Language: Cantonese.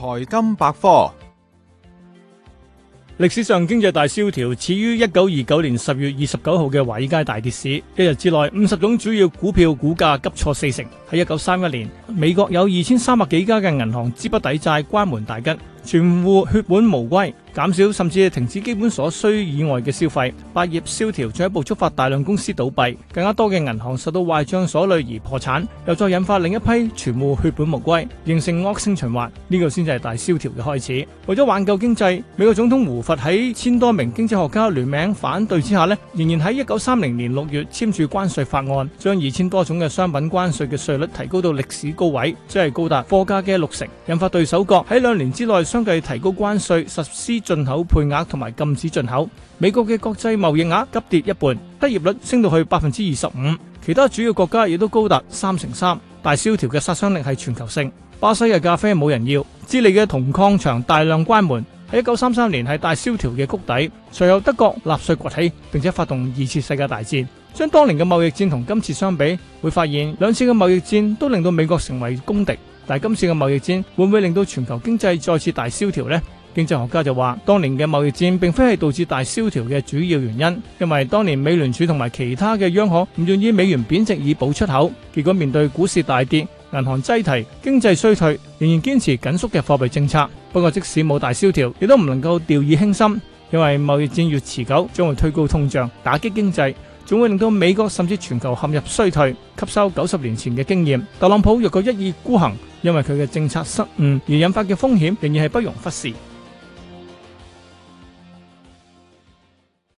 財金百科：歷史上經濟大蕭條始於一九二九年十月二十九號嘅華爾街大跌市，一日之內五十種主要股票股價急挫四成。喺一九三一年，美國有二千三百幾家嘅銀行資不抵債，關門大吉，全戶血本無歸。減少甚至係停止基本所需以外嘅消費，百業蕭條進一步觸發大量公司倒閉，更加多嘅銀行受到壞帳所累而破產，又再引發另一批全部血本無歸，形成惡性循環。呢個先至係大蕭條嘅開始。為咗挽救經濟，美國總統胡佛喺千多名經濟學家聯名反對之下咧，仍然喺一九三零年六月簽署關稅法案，將二千多種嘅商品關稅嘅稅率提高到歷史高位，即係高達貨價嘅六成，引發對手國喺兩年之內相繼提高關稅，實施進口配額同埋禁止進口美國嘅國際貿易額急跌一半，失業率升到去百分之二十五，其他主要國家亦都高達三成三。大蕭條嘅殺傷力係全球性，巴西嘅咖啡是冇人要，智利嘅銅礦場大量關門，喺一九三三年係大蕭條嘅谷底，隨後德國、納粹崛起，並且發動二次世界大戰。將當年嘅貿易戰同今次相比，會發現兩次嘅貿易戰都令到美國成為公敵，但係今次嘅貿易戰會唔會令到全球經濟再次大蕭條呢？經濟學家就話：當年嘅貿易戰並非係導致大蕭條嘅主要原因，因為當年美聯儲同埋其他嘅央行唔願意美元貶值以保出口，結果面對股市大跌、銀行擠提、經濟衰退，仍然堅持緊縮嘅貨幣政策。不過即使冇大蕭條，亦都唔能夠掉以輕心，因為貿易戰越持久，將會推高通脹、打擊經濟，總會令到美國甚至全球陷入衰退。吸收九十年前嘅經驗，特朗普若果一意孤行，因為佢嘅政策失誤而引發嘅風險仍然係不容忽視。